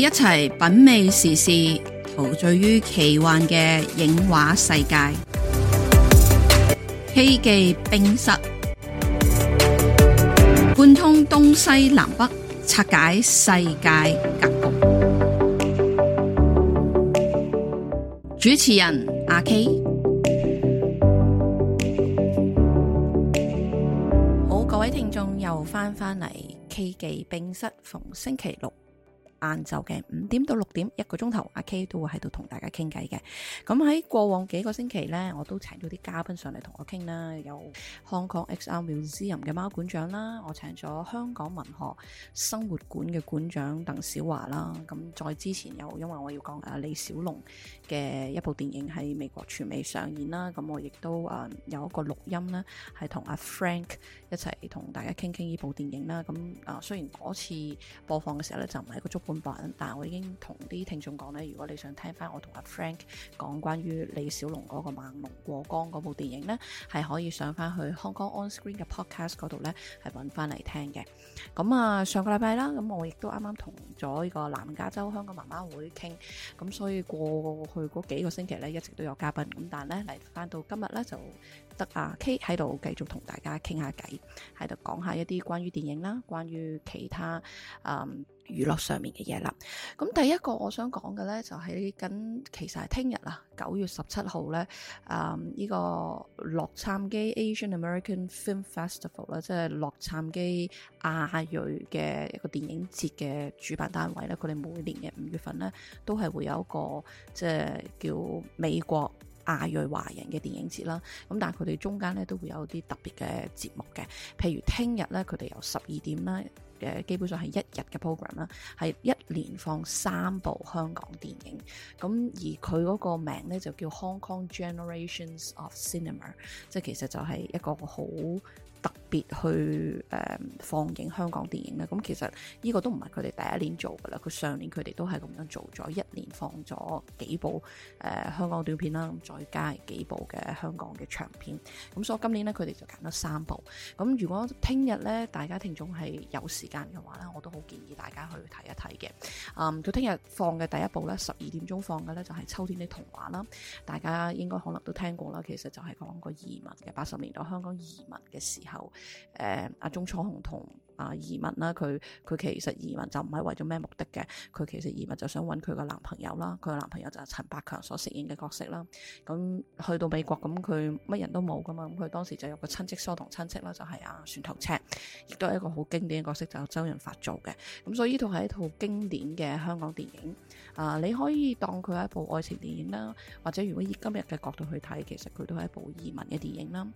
一齊品味時事，陶醉於奇幻嘅影畫世界。K 記冰室，貫通東西南北，拆解世界格局。主持人阿 K。好，各位聽眾又翻返嚟 K 記冰室，逢星期六，晏晝嘅五點到六點一個鐘頭，阿 K 都會喺度同大家傾偈嘅。咁喺過往幾個星期呢，我都請咗啲嘉賓上嚟同我傾啦，有香港 XR Museum 嘅貓館長啦，我請咗香港文學生活館嘅館長鄧小華啦。咁再之前有，因為我要講阿李小龍嘅一部電影喺美國全美上演啦，咁我亦都誒有一個錄音啦，係同阿 Frank 一齊同大家傾傾呢部電影啦。咁誒雖然嗰次播放嘅時候咧就唔係一個足。但係我已經同啲聽眾講咧，如果你想聽翻我同阿 Frank 講關於李小龍嗰個《猛龍過江》嗰部電影咧，係可以上翻去 Hong Kong On Screen 嘅 Podcast 嗰度咧，係揾翻嚟聽嘅。咁啊，上個禮拜啦，咁我亦都啱啱同咗呢個南加州香港媽媽會傾，咁所以過去嗰幾個星期咧，一直都有嘉賓。咁但係咧嚟翻到今日咧就。得啊 Kay 喺度繼續同大家傾下偈，喺度講下一啲關於電影啦，關於其他誒娛樂上面嘅嘢啦。咁第一個我想講嘅呢，就喺、是、緊其實係聽日啊，九月十七號呢，誒、嗯、呢、呢個洛杉磯 Asian American Film Festival 啦，即係洛杉磯亞裔嘅一個電影節嘅主辦單位咧，佢哋每年嘅五月份呢，都係會有一個即係叫美國。亞裔華人嘅電影節啦，咁但係佢哋中間咧都會有啲特別嘅節目嘅，譬如聽日咧佢哋有十二點啦，基本上係一日嘅 program 啦，係一連放三部香港電影，咁而佢嗰個名咧就叫 Hong Kong Generations of Cinema，即其實就係一個好特別去誒、嗯、放映香港電影咧，咁其實呢個都唔係佢哋第一年做㗎啦。佢上年佢哋都係咁樣做咗，一年放咗幾部誒、呃、香港短片啦，咁再加幾部嘅香港嘅長片。咁所以今年呢，佢哋就揀咗三部。咁如果聽日呢，大家聽眾係有時間嘅話呢，我都好建議大家去睇一睇嘅。嗯，佢聽日放嘅第一部呢，十二點鐘放嘅呢，就係、是《秋天的童話》啦，大家應該可能都聽過啦。其實就係講個移民嘅八十年代香港移民嘅時候。後，誒、啊，阿鍾楚紅同阿移民啦，佢佢其實移民就唔係為咗咩目的嘅，佢其實移民就想揾佢個男朋友啦，佢個男朋友就係陳百強所飾演嘅角色啦。咁去到美國咁，佢乜人都冇㗎嘛，咁佢當時就有個親戚叔同親戚啦，就係、是、阿、啊、船頭尺，亦都係一個好經典嘅角色，就是、周潤發做嘅。咁所以呢套係一套經典嘅香港電影，啊，你可以當佢係一部愛情電影啦，或者如果以今日嘅角度去睇，其實佢都係一部移民嘅電影啦。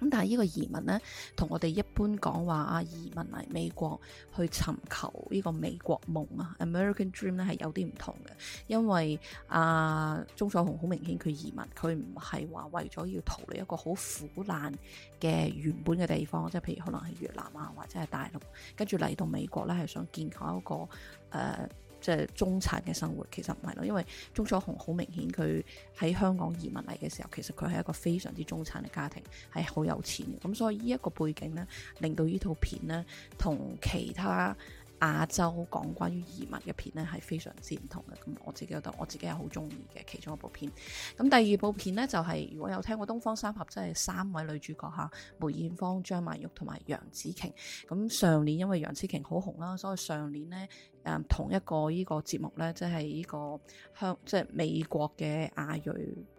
咁但係呢個移民咧，同我哋一般講話啊移民嚟美國去尋求呢個美國夢啊，American Dream 咧係有啲唔同嘅，因為啊，鍾、呃、楚紅好明顯佢移民，佢唔係話為咗要逃離一個好苦難嘅原本嘅地方，即係譬如可能係越南啊，或者係大陸，跟住嚟到美國咧係想建構一個誒。呃即係中產嘅生活，其實唔係咯，因為鍾楚紅好明顯，佢喺香港移民嚟嘅時候，其實佢係一個非常之中產嘅家庭，係好有錢嘅。咁所以呢一個背景呢，令到呢套片呢同其他亞洲講關於移民嘅片呢係非常之唔同嘅。咁我自己覺得，我自己係好鍾意嘅其中一部片。咁第二部片呢，就係、是、如果有聽過《東方三俠》，即係三位女主角嚇梅艷芳、張曼玉同埋楊紫瓊。咁上年因為楊紫瓊好紅啦，所以上年呢。誒同一個呢個節目呢，即係呢個香，即係美國嘅亞裔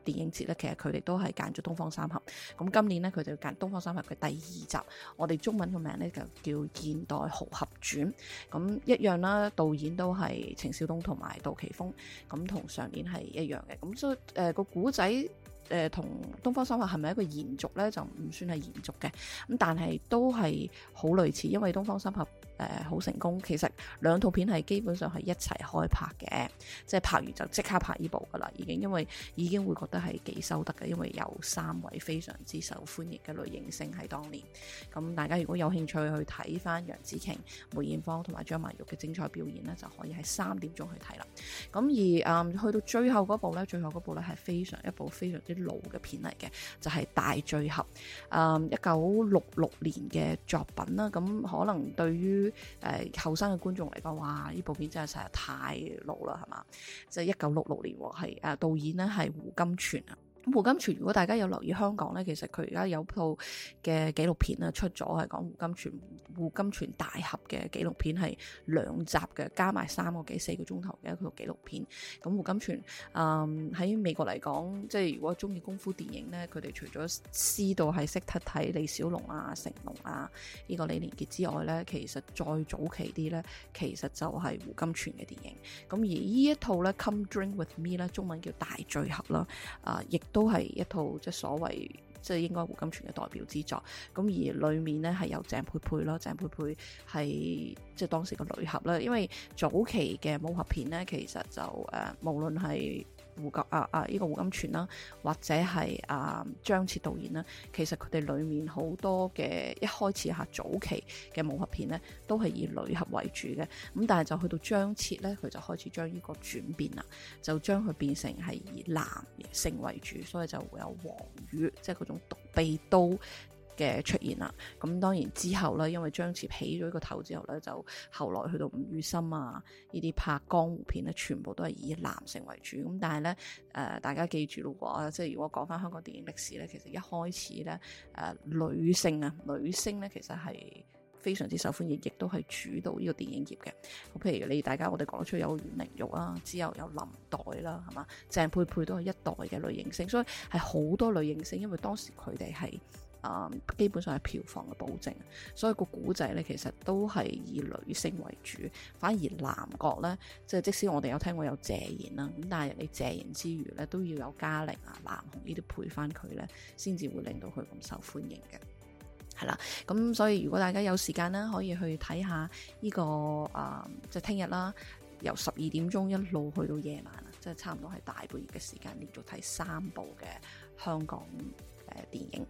電影節呢，其實佢哋都係揀咗《東方三俠》。咁今年呢，佢就揀《東方三俠》嘅第二集。我哋中文個名呢就叫《現代豪俠傳》。咁一樣啦，導演都係程小東同埋杜琪峰，咁同上年係一樣嘅。咁所以誒個古仔誒同《呃呃、和東方三俠》係咪一個延續呢？就唔算係延續嘅。咁但係都係好類似，因為《東方三俠》。誒、呃，好成功！其實兩套片係基本上係一齊開拍嘅，即係拍完就即刻拍呢部噶啦，已經因為已經會覺得係幾收得嘅，因為有三位非常之受歡迎嘅女型星女影星喺當年。咁大家如果有興趣去睇翻楊紫瓊、梅艷芳同埋張曼玉嘅精彩表演呢，就可以喺三點鐘去睇啦。咁而、嗯、去到最後嗰部呢，最後嗰部呢係非常一部非常之老嘅片嚟嘅，就係、是、大聚合，一九六六年嘅作品啦。咁可能對於誒、呃，後生嘅觀眾嚟講，哇！呢部片真係實在太老啦，係嘛？即係一九六六年，係誒、呃、導演咧係胡金铨啊。胡金銓，如果大家有留意香港咧，其實佢而家有一套嘅紀錄片啦出咗，係講胡金銓，胡金銓大俠嘅紀錄片，係兩集嘅，加埋三個幾四個鐘頭嘅一套紀錄片。咁胡金銓，嗯喺美國嚟講，即係如果中意功夫電影咧，佢哋除咗知道係識得睇李小龍啊、成龍啊、呢、這個李連杰之外咧，其實再早期啲咧，其實就係胡金銓嘅電影。咁而呢一套咧《Come Drink With Me》咧，中文叫《大醉俠》啦，啊、呃，亦。都係一套即係所謂即係應該胡金銓嘅代表之作，咁而裡面咧，係有鄭佩佩啦，鄭佩佩係即係當時嘅女俠啦，因為早期嘅武俠片咧，其實就誒無論係。胡格啊啊！呢、啊這個胡金銓啦，或者係啊張徹導演啦，其實佢哋裡面好多嘅一開始下早期嘅武俠片咧，都係以女俠為主嘅。咁但係就去到張徹咧，佢就開始將呢個轉變啦，就將佢變成係以男性為主，所以就會有王羽，即係嗰種獨臂刀。嘅出現啦，咁當然之後咧，因為張徹起咗個頭之後咧，就後來去到吳宇森啊，呢啲拍江湖片咧，全部都係以男性為主。咁但係咧，誒、呃、大家記住咯喎，即係如果講翻香港電影歷史咧，其實一開始咧，誒、呃、女性啊，女星咧其實係非常之受歡迎，亦都係主導呢個電影業嘅。咁譬如你大家我哋講得出有阮玲玉啊，之後有林黛啦，係嘛？鄭佩佩都係一代嘅女影星，所以係好多女影星，因為當時佢哋係。啊，基本上係票房嘅保證，所以個古仔咧，其實都係以女性為主，反而男角咧，即係即使我哋有聽過有謝賢啦，咁但係你謝賢之餘咧，都要有嘉玲啊、藍紅呢啲配翻佢咧，先至會令到佢咁受歡迎嘅，係啦。咁所以如果大家有時間咧，可以去睇下呢個啊，即係聽日啦，由十二點鐘一路去到夜晚啊，即係差唔多係大半夜嘅時間，連續睇三部嘅香港。誒，電影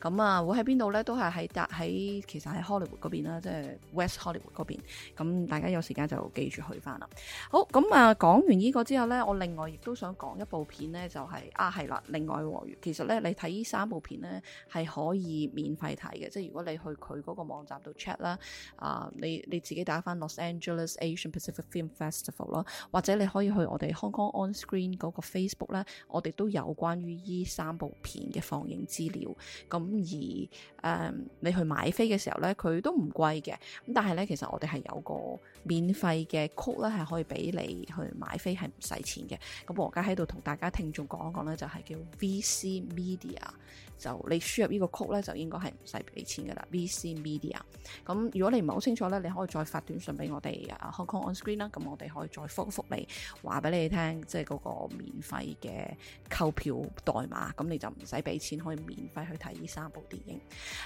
咁啊，會喺邊度咧？都係喺搭喺，其實喺 Hollywood 嗰邊啦，即係 West Hollywood 嗰邊。咁大家有時間就記住去翻啦。好，咁啊，講完呢個之後咧，我另外亦都想講一部片咧，就係啊，係啦，另外，其實咧，你睇呢三部片咧係可以免費睇嘅，即係如果你去佢嗰個網站度 check 啦，啊、呃，你你自己打翻 Los Angeles Asian Pacific Film Festival 啦，或者你可以去我哋 Hong Kong On Screen 嗰個 Facebook 咧，我哋都有關於呢三部片嘅放映。資料咁而誒、嗯，你去買飛嘅時候呢，佢都唔貴嘅。咁但係呢，其實我哋係有個免費嘅曲呢係可以俾你去買飛係唔使錢嘅。咁我而家喺度同大家聽眾講一講咧，就係叫 VC Media。就你輸入呢個曲呢，就應該係唔使俾錢噶啦。VC Media。咁如果你唔係好清楚呢，你可以再發短信俾我哋啊 Hong Kong On Screen 啦。咁我哋可以再複一複你，話俾你聽，即係嗰個免費嘅購票代碼。咁你就唔使俾錢免費去睇呢三部電影，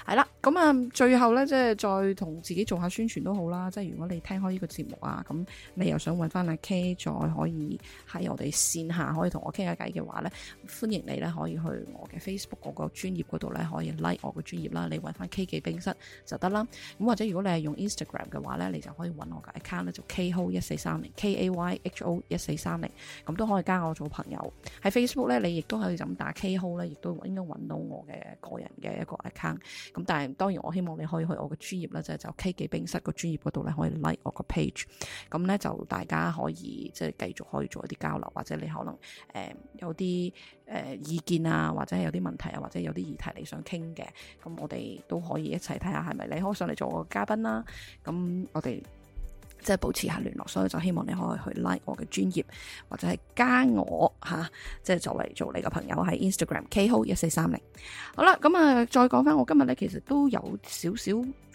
係啦，咁啊，最後咧即係再同自己做下宣傳都好啦。即係如果你聽開呢個節目啊，咁你又想揾翻阿 K 再可以喺我哋線下可以同我傾下偈嘅話咧，歡迎你咧可以去我嘅 Facebook 個專頁度咧可以 like 我個專頁啦。你揾翻 K 記冰室就得啦。咁或者如果你係用 Instagram 嘅話咧，你就可以揾我嘅 account 咧，就 KayHo 一四三零 KAYHO 一四三零，咁都可以加我做朋友。喺 Facebook 咧，你亦都可以咁打 KayHo 咧，亦都應該揾到。我嘅個人嘅一個 account，咁但係當然我希望你可以去我嘅專業啦，即係就 K 記冰室個專業嗰度咧可以 like 我個 page，咁咧就大家可以即係繼續可以做一啲交流，或者你可能誒有啲誒意見啊，或者係有啲問題啊，或者有啲議題你想傾嘅，咁我哋都可以一齊睇下係咪你可以上嚟做我個嘉賓啦，咁我哋。即係保持下聯絡，所以就希望你可以去 like 我嘅專業，或者係加我吓，即係作為做你嘅朋友喺 Instagram KayHo1430。好啦，咁啊，再講翻我今日咧，其實都有少少，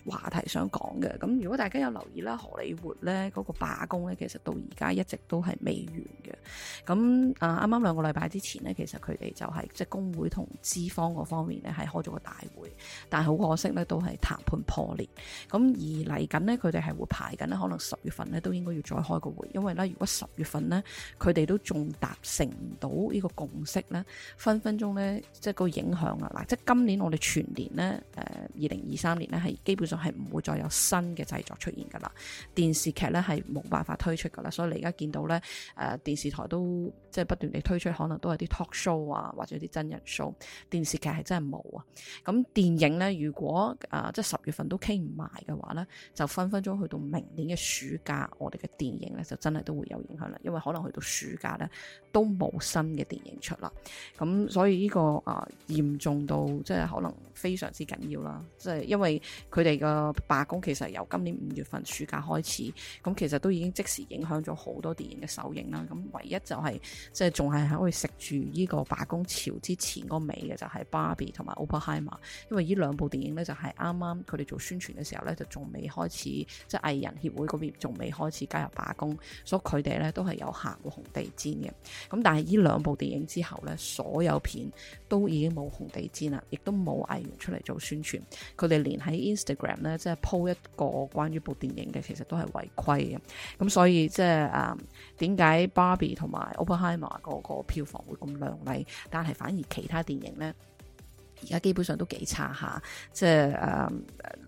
話題想講嘅，咁如果大家有留意啦，荷里活咧嗰個罷工咧，其實到而家一直都係未完嘅。咁啊啱啱兩個禮拜之前呢，其實佢哋就係即係工會同資方嗰方面咧，係開咗個大會，但係好可惜咧，都係談判破裂。咁而嚟緊呢，佢哋係會排緊咧，可能十月份咧都應該要再開個會，因為咧，如果十月份呢，佢哋都仲達成唔到呢個共識咧，分分鐘咧即係個影響啊嗱，即今年我哋全年咧誒二零二三年咧係基本。就係唔會再有新嘅製作出現噶啦，電視劇呢係冇辦法推出噶啦，所以你而家見到呢，誒、呃、電視台都即係不斷地推出，可能都係啲 talk show 啊，或者啲真人 show，電視劇係真係冇啊。咁電影呢，如果誒、呃、即係十月份都傾唔埋嘅話呢，就分分鐘去到明年嘅暑假，我哋嘅電影呢就真係都會有影響啦。因為可能去到暑假呢都冇新嘅電影出啦。咁所以呢、呢個啊嚴、呃、重到即係可能非常之緊要啦，即係因為佢哋。嘅罷工其實由今年五月份暑假開始，咁其實都已經即時影響咗好多電影嘅首映啦。咁唯一就係、是、即係仲係喺度食住呢個罷工潮之前嗰尾嘅，就係《芭比》同埋《Oppenheimer》，因為呢兩部電影呢，就係啱啱佢哋做宣傳嘅時候呢，就仲未開始，即係藝人協會嗰邊仲未開始加入罷工，所以佢哋呢都係有行過紅地氈嘅。咁但係呢兩部電影之後呢，所有片。都已經冇紅地毯啦，亦都冇藝員出嚟做宣傳。佢哋連喺 Instagram 咧，即係 po 一個關於部電影嘅，其實都係違規嘅。咁所以即係啊，嗯，點解 Barbie 同埋 Oppenheimer 嗰個票房會咁亮麗，但係反而其他電影呢。而家基本上都幾差吓，即係誒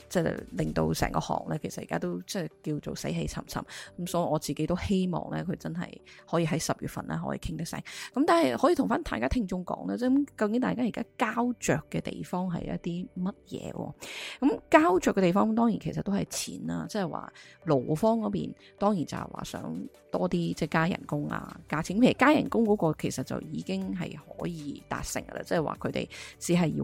即係令到成個行咧，其實而家都即係叫做死氣沉沉。咁所以我自己都希望咧，佢真係可以喺十月份咧可以傾得晒，咁但係可以同翻大家聽眾講咧，即係咁究竟大家而家交着嘅地方係一啲乜嘢？咁、嗯、交着嘅地方當然其實都係錢啦，即係話勞方嗰邊當然就係話想多啲即係加人工啊，價錢，譬如加人工嗰個其實就已經係可以達成嘅啦，即係話佢哋只係要。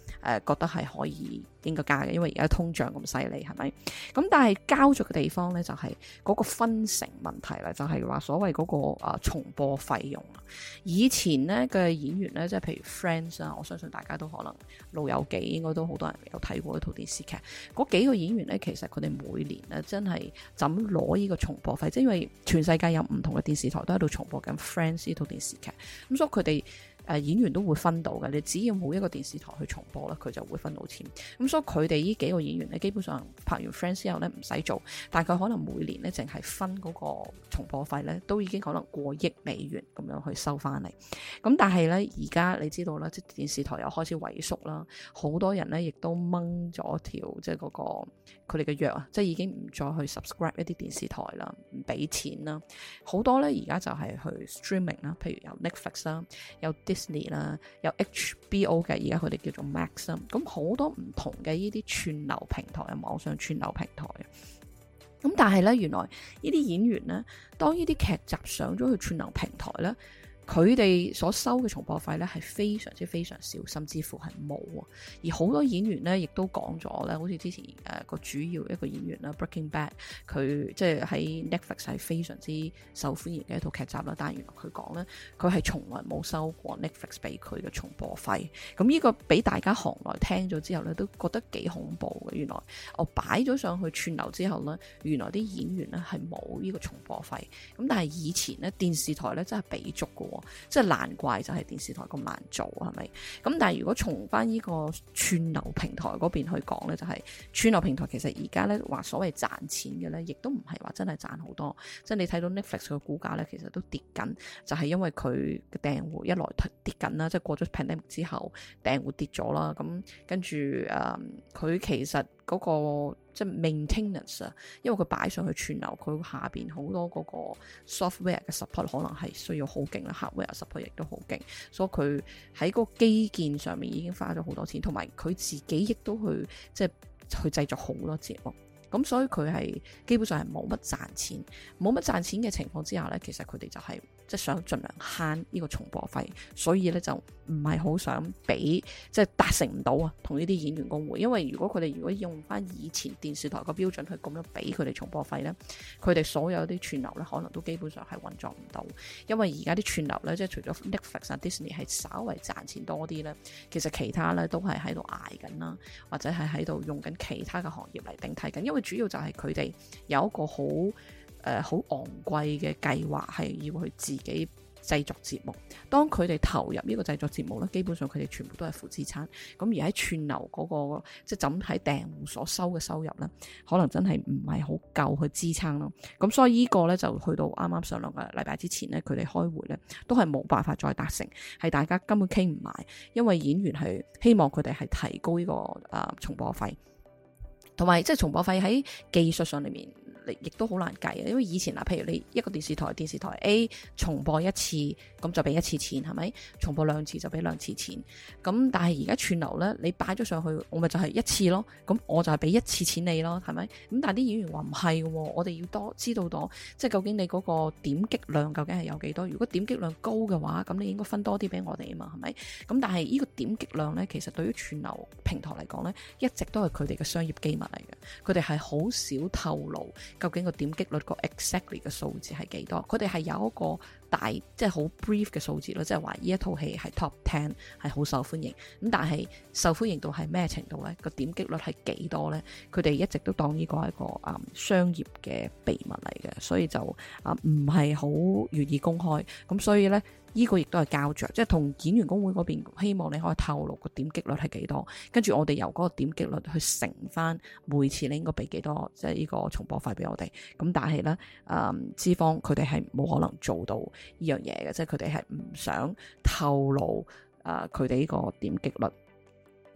誒覺得係可以應該加嘅，因為而家通脹咁犀利，係咪？咁但係交咗嘅地方呢，就係嗰個分成問題啦。就係話所謂嗰個啊，呃，重播費用啊，以前呢嘅演員呢，即係譬如 Friends 啊，我相信大家都可能《老友記》應該都好多人有睇過一套電視劇。嗰幾個演員呢，其實佢哋每年呢，真係就咁攞呢個重播費？即係因為全世界有唔同嘅電視台都喺度重播緊 Friends 呢套電視劇，咁所以佢哋。誒演員都會分到嘅，你只要每一個電視台去重播咧，佢就會分到錢。咁所以佢哋呢幾個演員咧，基本上拍完 Friends 之後咧唔使做，大概可能每年咧淨係分嗰個重播費咧，都已經可能過億美元咁樣去收翻嚟。咁但係咧，而家你知道啦，即電視台又開始萎縮啦，好多人咧亦都掹咗條即係嗰個佢哋嘅約啊，即係、那個、已經唔再去 subscribe 一啲電視台啦，唔俾錢啦，好多咧而家就係去 streaming 啦，譬如有 Netflix 啦，有。Disney 啦，有 HBO 嘅，而家佢哋叫做 Max，i m 咁好多唔同嘅呢啲串流平台啊，網上串流平台，咁但係呢，原來呢啲演員呢，當呢啲劇集上咗去串流平台呢。佢哋所收嘅重播費咧係非常之非常少，甚至乎係冇啊！而好多演員咧，亦都講咗咧，好似之前個、呃、主要一個演員啦，《Breaking Bad》，佢即係喺 Netflix 係非常之受歡迎嘅一套劇集啦。但係原來佢講咧，佢係從來冇收過 Netflix 俾佢嘅重播費。咁呢個俾大家行內聽咗之後咧，都覺得幾恐怖嘅。原來我擺咗上去串流之後咧，原來啲演員咧係冇呢個重播費。咁但係以前咧，電視台咧真係俾足即係難怪就係電視台咁難做係咪？咁但係如果從翻呢個串流平台嗰邊去講呢，就係、是、串流平台其實而家呢話所謂賺錢嘅呢，亦都唔係話真係賺好多。即、就、係、是、你睇到 Netflix 嘅股價呢，其實都跌緊，就係、是、因為佢嘅訂戶一來跌緊啦，即、就、係、是、過咗 pandemic 之後訂戶跌咗啦，咁跟住誒，佢、嗯、其實嗰、那個。即係 maintenance 啊，因為佢擺上去串流，佢下邊好多嗰個 software 嘅 support 可能係需要好勁啦，hardware support 亦都好勁，所以佢喺個基建上面已經花咗好多錢，同埋佢自己亦都去即係去製作好多節目，咁所以佢係基本上係冇乜賺錢，冇乜賺錢嘅情況之下呢，其實佢哋就係、是。即係想盡量慳呢個重播費，所以咧就唔係好想俾，即係達成唔到啊。同呢啲演員工會，因為如果佢哋如果用翻以前電視台個標準去咁樣俾佢哋重播費咧，佢哋所有啲串流咧可能都基本上係運作唔到。因為而家啲串流咧，即係除咗 Netflix、Disney 係稍微賺錢多啲咧，其實其他咧都係喺度捱緊啦，或者係喺度用緊其他嘅行業嚟頂替緊。因為主要就係佢哋有一個好。誒、呃，好昂貴嘅計劃係要佢自己製作節目。當佢哋投入呢個製作節目咧，基本上佢哋全部都係負資產。咁而喺串流嗰、那個，即係就咁喺訂戶所收嘅收入咧，可能真係唔係好夠去支撐咯。咁所以個呢個咧就去到啱啱上兩個禮拜之前咧，佢哋開會咧都係冇辦法再達成，係大家根本傾唔埋，因為演員係希望佢哋係提高呢、這個誒、呃、重播費。同埋即係重播費喺技術上裏面，亦都好難計啊！因為以前嗱，譬如你一個電視台，電視台 A 重播一次，咁就俾一次錢，係咪？重播兩次就俾兩次錢。咁但係而家串流呢，你擺咗上去，我咪就係一次咯。咁我就係俾一次錢你咯，係咪？咁但係啲演員話唔係，我哋要多知道到，即係究竟你嗰個點擊量究竟係有幾多？如果點擊量高嘅話，咁你應該分多啲俾我哋啊嘛，係咪？咁但係呢個點擊量呢，其實對於串流平台嚟講呢，一直都係佢哋嘅商業機密。佢哋係好少透露究竟個點擊率個 exactly 嘅數字係幾多，佢哋係有一個。大即係好 brief 嘅數字咯，即係話呢一套戲係 top ten 係好受歡迎，咁但係受歡迎到係咩程度呢？個點擊率係幾多呢？佢哋一直都當呢個係一個啊、嗯、商業嘅秘密嚟嘅，所以就啊唔係好願意公開。咁所以呢，呢、這個亦都係膠着，即係同演員工會嗰邊希望你可以透露點擊個點擊率係幾多，跟住我哋由嗰個點擊率去乘翻每次你應該俾幾多，即係呢個重播費俾我哋。咁但係呢，啊、嗯、資方佢哋係冇可能做到。呢樣嘢嘅，即係佢哋係唔想透露啊，佢哋呢個點擊率，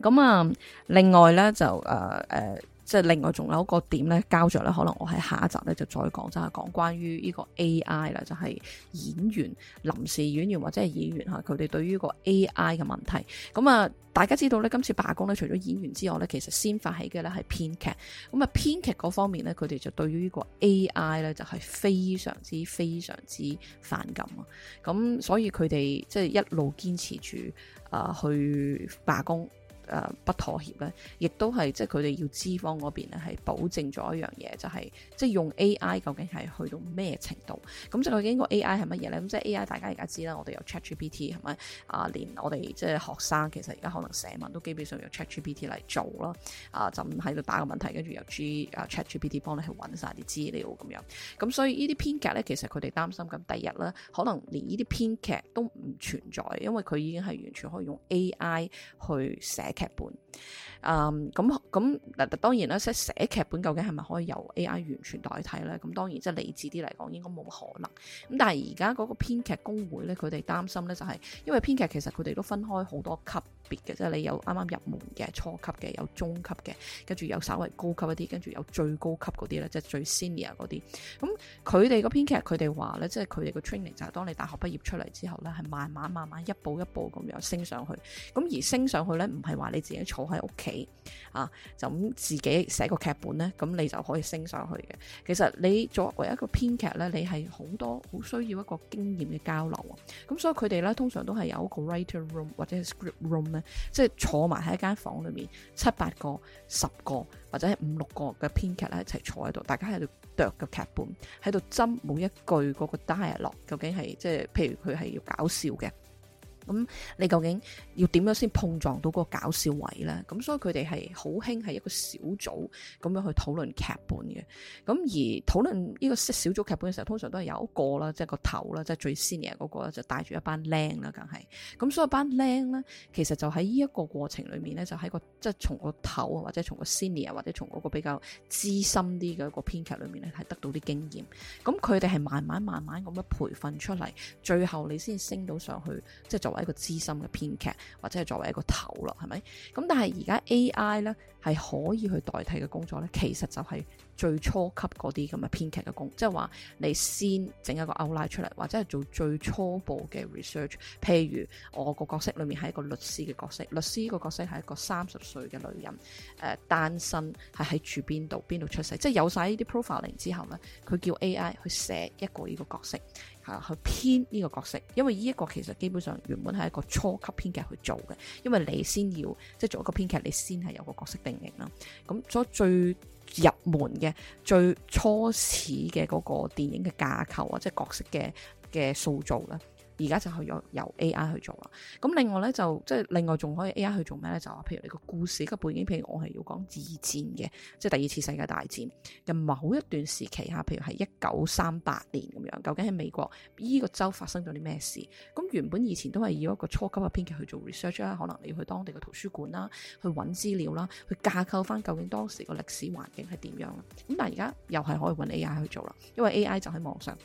咁啊，另外咧就誒誒。呃呃即係另外仲有一個點咧，交著咧，可能我喺下一集咧就再講，即係講關於呢個 AI 啦，就係演員、臨時演員或者係演員嚇，佢哋對於呢個 AI 嘅問題，咁啊大家知道咧，今次罷工咧，除咗演員之外咧，其實先發起嘅咧係編劇，咁啊編劇嗰方面咧，佢哋就對於呢個 AI 咧就係非常之非常之反感啊，咁所以佢哋即係一路堅持住啊去罷工。呃、不妥協咧，亦都係即係佢哋要資方嗰邊咧係保證咗一樣嘢，就係、是、即係用 AI 究竟係去到咩程度？咁就究竟個 AI 係乜嘢咧？咁即係 AI 大家而家知啦，我哋有 ChatGPT 係咪？啊、呃，連我哋即係學生其實而家可能寫文都基本上用 ChatGPT 嚟做啦。啊、呃，就喺度打個問題，跟住由 G 啊 ChatGPT 幫你去揾晒啲資料咁樣。咁所以劇呢啲編劇咧，其實佢哋擔心咁，第一啦，可能連呢啲編劇都唔存在，因為佢已經係完全可以用 AI 去寫。劇本，嗯、um,，咁咁，嗱，當然啦，即係寫劇本究竟係咪可以由 AI 完全代替呢？咁當然，即係理智啲嚟講，應該冇可能。咁但係而家嗰個編劇工會呢，佢哋擔心呢就係、是，因為編劇其實佢哋都分開好多級。別嘅，即係你有啱啱入門嘅、初級嘅，有中級嘅，跟住有稍為高級一啲，跟住有最高級嗰啲咧，即係最 senior 嗰啲。咁佢哋個編劇，佢哋話咧，即係佢哋個 training 就係當你大學畢業出嚟之後咧，係慢慢慢慢一步一步咁樣升上去。咁而升上去咧，唔係話你自己坐喺屋企啊，就咁自己寫個劇本咧，咁你就可以升上去嘅。其實你作為一個編劇咧，你係好多好需要一個經驗嘅交流啊。咁所以佢哋咧，通常都係有一個 writer room 或者係 script room。即係坐埋喺一間房裏面，七八個、十個或者係五六個嘅編劇咧一齊坐喺度，大家喺度度個劇本，喺度斟每一句嗰個 dialog 究竟係即係，譬如佢係要搞笑嘅。咁你究竟要點樣先碰撞到個搞笑位咧？咁所以佢哋係好興係一個小組咁樣去討論劇本嘅。咁而討論呢個小組劇本嘅時候，通常都係有一個啦，即係個頭啦，即係最 senior 嗰個咧，就帶住一班靚啦，梗係，咁所以班靚咧，其實就喺呢一個過程裏面咧，就喺個即係從個頭啊或者從個 senior 或者從嗰個比較資深啲嘅一個編劇裏面咧，係得到啲經驗，咁佢哋係慢慢慢慢咁樣培訓出嚟，最後你先升到上去，即係就。作為一個資深嘅編劇，或者係作為一個頭啦，係咪？咁但係而家 AI 呢，係可以去代替嘅工作呢，其實就係最初級嗰啲咁嘅編劇嘅工，即係話你先整一個 outline 出嚟，或者係做最初步嘅 research。譬如，我個角色裏面係一個律師嘅角色，律師呢個角色係一個三十歲嘅女人，誒、呃、單身，係喺住邊度，邊度出世，即係有晒呢啲 profiling 之後呢，佢叫 AI 去寫一個呢個角色。吓去編呢個角色，因為呢一個其實基本上原本係一個初級編劇去做嘅，因為你先要即係做一個編劇，你先係有個角色定型啦。咁所最入門嘅、最初始嘅嗰個電影嘅架構或者角色嘅嘅塑造啦。而家就去咗由 A.I. 去做啦。咁另外咧就即係另外仲可以 A.I. 去做咩咧？就話譬如你個故事個背景，譬如我係要講二戰嘅，即係第二次世界大戰嘅某一段時期嚇，譬如係一九三八年咁樣，究竟喺美國依個州發生咗啲咩事？咁原本以前都係以一個初級嘅編劇去做 research 啦，可能你要去當地嘅圖書館啦，去揾資料啦，去架構翻究竟當時個歷史環境係點樣啦。咁但係而家又係可以揾 A.I. 去做啦，因為 A.I. 就喺網上。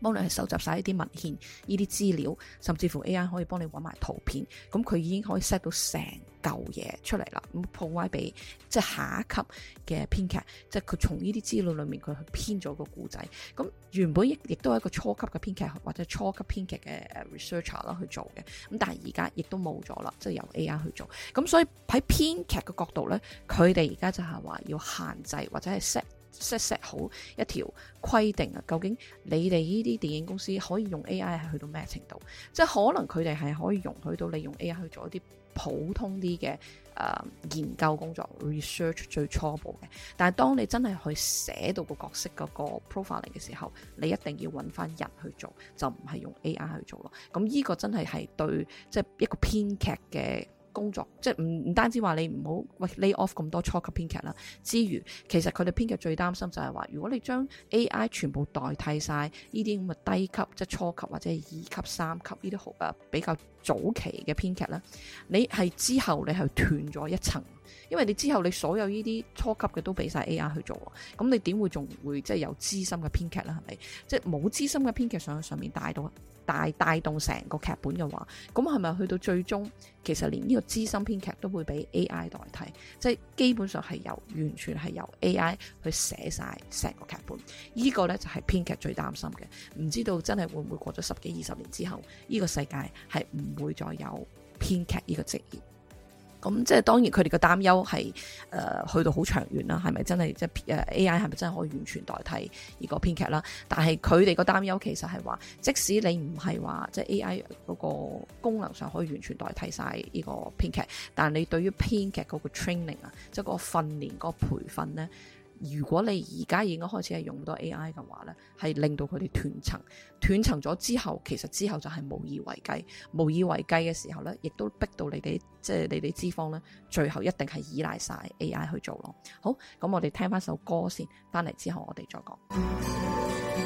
幫你去搜集晒呢啲文獻、呢啲資料，甚至乎 A.I. 可以幫你揾埋圖片，咁佢已經可以 set 到成嚿嘢出嚟啦，咁鋪開俾即係下一級嘅編劇，即係佢從呢啲資料裏面佢去編咗個故仔。咁原本亦亦都係一個初級嘅編劇或者初級編劇嘅 researcher 啦去做嘅，咁但係而家亦都冇咗啦，即係由 A.I. 去做。咁所以喺編劇嘅角度咧，佢哋而家就係話要限制或者係 set。set set 好一條規定啊，究竟你哋呢啲電影公司可以用 AI 係去到咩程度？即係可能佢哋係可以容許到你用 AI 去做一啲普通啲嘅誒研究工作 research 最初步嘅，但係當你真係去寫到個角色嗰、那個 profile 嚟嘅時候，你一定要揾翻人去做，就唔係用 AI 去做咯。咁、嗯、呢、這個真係係對即係一個編劇嘅。工作，即係唔唔單止話你唔好喂 lay off 咁多初級編劇啦，之餘其實佢哋編劇最擔心就係話，如果你將 AI 全部代替晒呢啲咁嘅低級，即係初級或者係二級、三級呢啲好啊比較早期嘅編劇啦，你係之後你係斷咗一層，因為你之後你所有呢啲初級嘅都俾晒 AI 去做，咁你點會仲會即係有資深嘅編劇啦？係咪即係冇資深嘅編劇上去上面帶到啊？帶帶動成個劇本嘅話，咁係咪去到最終，其實連呢個資深編劇都會俾 AI 代替，即係基本上係由完全係由 AI 去寫晒成個劇本，呢個呢，就係編劇最擔心嘅，唔知道真係會唔會過咗十幾二十年之後，呢個世界係唔會再有編劇呢個職業。咁即係當然他們的擔憂是，佢哋嘅擔憂係誒去到好長遠啦，係咪真係即係 A I 係咪真係可以完全代替呢個編劇啦？但係佢哋嘅擔憂其實係話，即使你唔係話即係 A I 嗰個功能上可以完全代替晒呢個編劇，但係你對於編劇嗰個 training 啊，即係嗰個訓練、個培訓咧。如果你而家已經開始係用多 AI 嘅話呢，係令到佢哋斷層，斷層咗之後，其實之後就係無以為繼，無以為繼嘅時候呢，亦都逼到你哋，即係你哋資方，呢，最後一定係依賴晒 AI 去做咯。好，咁我哋聽翻首歌先，翻嚟之後我哋再講。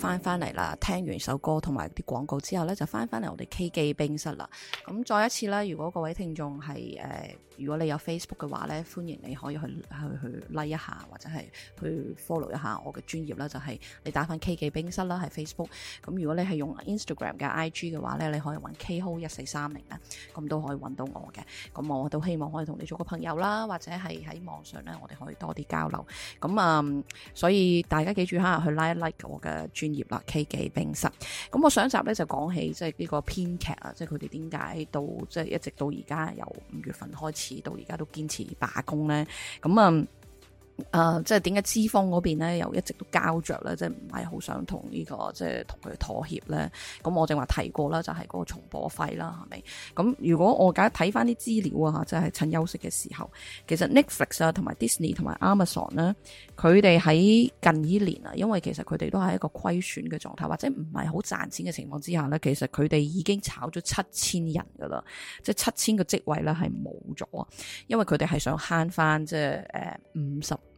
翻翻嚟啦，聽完首歌同埋啲廣告之後咧，就翻翻嚟我哋 K 記冰室啦。咁再一次啦，如果各位聽眾係誒，如果你有 Facebook 嘅話咧，歡迎你可以去去去 like 一下或者係去 follow 一下我嘅專業啦。就係、是、你打翻 K 記冰室啦，喺 Facebook。咁如果你係用 Instagram 嘅 IG 嘅話咧，你可以搵 KayHo 一四三零啦，咁都可以搵到我嘅。咁我都希望可以同你做個朋友啦，或者係喺網上咧，我哋可以多啲交流。咁啊、嗯，所以大家記住哈去 like like 我嘅專。業啦，K 記冰室。咁我上集咧就講起，即係呢個編劇啊，即係佢哋點解到，即係一直到而家，由五月份開始到而家都堅持罷工咧。咁啊。誒、呃，即係點解資方嗰邊咧，又一直都膠着咧，即係唔係好想同呢、呢個即係同佢妥協咧？咁我正話提過啦，就係、係、嗰個重播費啦，係咪？咁如果我而家睇翻啲資料啊，即係趁休息嘅時候，其實 Netflix 啊，同埋 Disney 同埋 Amazon 咧，佢哋喺近依年啊，因為其實佢哋都係一個虧損嘅狀態，或者唔係好賺錢嘅情況之下咧，其實佢哋已經炒咗七千人噶啦，即係七千個職位咧係冇咗，因為佢哋係想慳翻即係五十。呃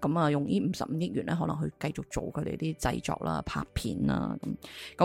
咁啊，用呢五十五億元咧，可能去繼續做佢哋啲製作啦、拍片啦咁。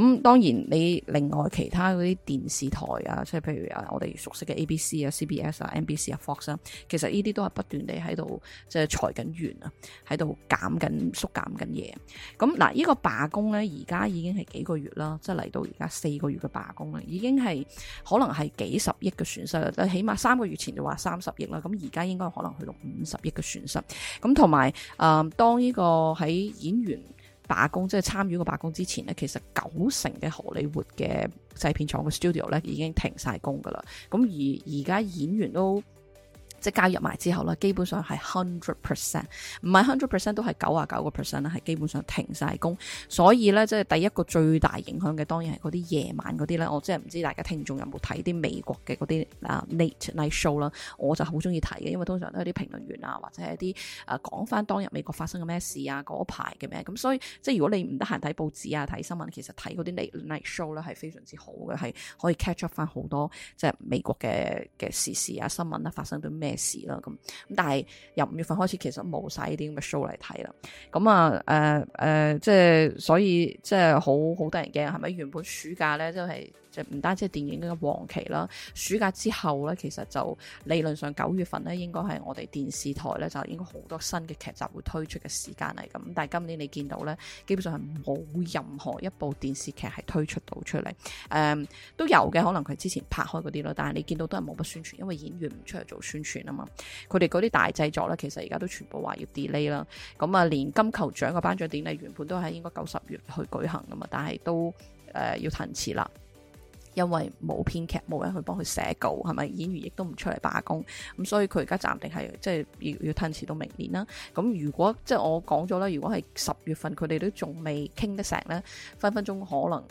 咁當然你另外其他嗰啲電視台啊，即係譬如啊，我哋熟悉嘅 ABC 啊、CBS 啊、NBC 啊、Fox 啊，其實呢啲都係不斷地喺度即係裁緊員啊，喺度減緊縮減緊嘢。咁嗱，呢個罷工咧，而家已經係幾個月啦，即係嚟到而家四個月嘅罷工啦，已經係可能係幾十億嘅損失啦。起碼三個月前就話三十億啦，咁而家應該可能去到五十億嘅損失。咁同埋，誒、嗯、當呢個喺演員罷工，即係參與個罷工之前咧，其實九成嘅荷里活嘅製片廠嘅 studio 咧已經停晒工噶啦。咁而而家演員都，即加入埋之後咧，基本上係 hundred percent，唔係 hundred percent 都係九啊九個 percent 啦，係基本上停晒工。所以咧，即係第一個最大影響嘅，當然係嗰啲夜晚嗰啲咧。我即係唔知大家聽眾有冇睇啲美國嘅嗰啲啊 late night show 啦，我就好中意睇嘅，因為通常都有啲評論員啊，或者係一啲誒講翻當日美國發生嘅咩事啊，嗰排嘅咩咁。所以即係如果你唔得閒睇報紙啊，睇新聞，其實睇嗰啲 late night show 咧係非常之好嘅，係可以 catch up 翻好多即係美國嘅嘅時事啊、新聞啦、啊、發生咗咩。事啦，咁咁但係由五月份開始，其實冇晒呢啲咁嘅 show 嚟睇啦。咁啊，誒、呃、誒、呃，即係所以，即係好好得人驚，係咪？是是原本暑假咧，即係。就唔單止係電影嘅旺期啦，暑假之後呢，其實就理論上九月份呢，應該係我哋電視台呢，就應該好多新嘅劇集會推出嘅時間嚟咁。但係今年你見到呢，基本上係冇任何一部電視劇係推出到出嚟。誒、嗯、都有嘅，可能佢之前拍開嗰啲咯，但係你見到都係冇乜宣傳，因為演員唔出嚟做宣傳啊嘛。佢哋嗰啲大製作呢，其實而家都全部話要 delay 啦。咁啊，連金球獎嘅頒獎典禮原本都係應該九十月去舉行㗎嘛，但係都誒、呃、要騰遲啦。因為冇編劇，冇人去幫佢寫稿，係咪演員亦都唔出嚟罷工？咁所以佢而家暫定係即係要要延遲到明年啦。咁如果即係我講咗啦，如果係十月份佢哋都仲未傾得成咧，分分鐘可能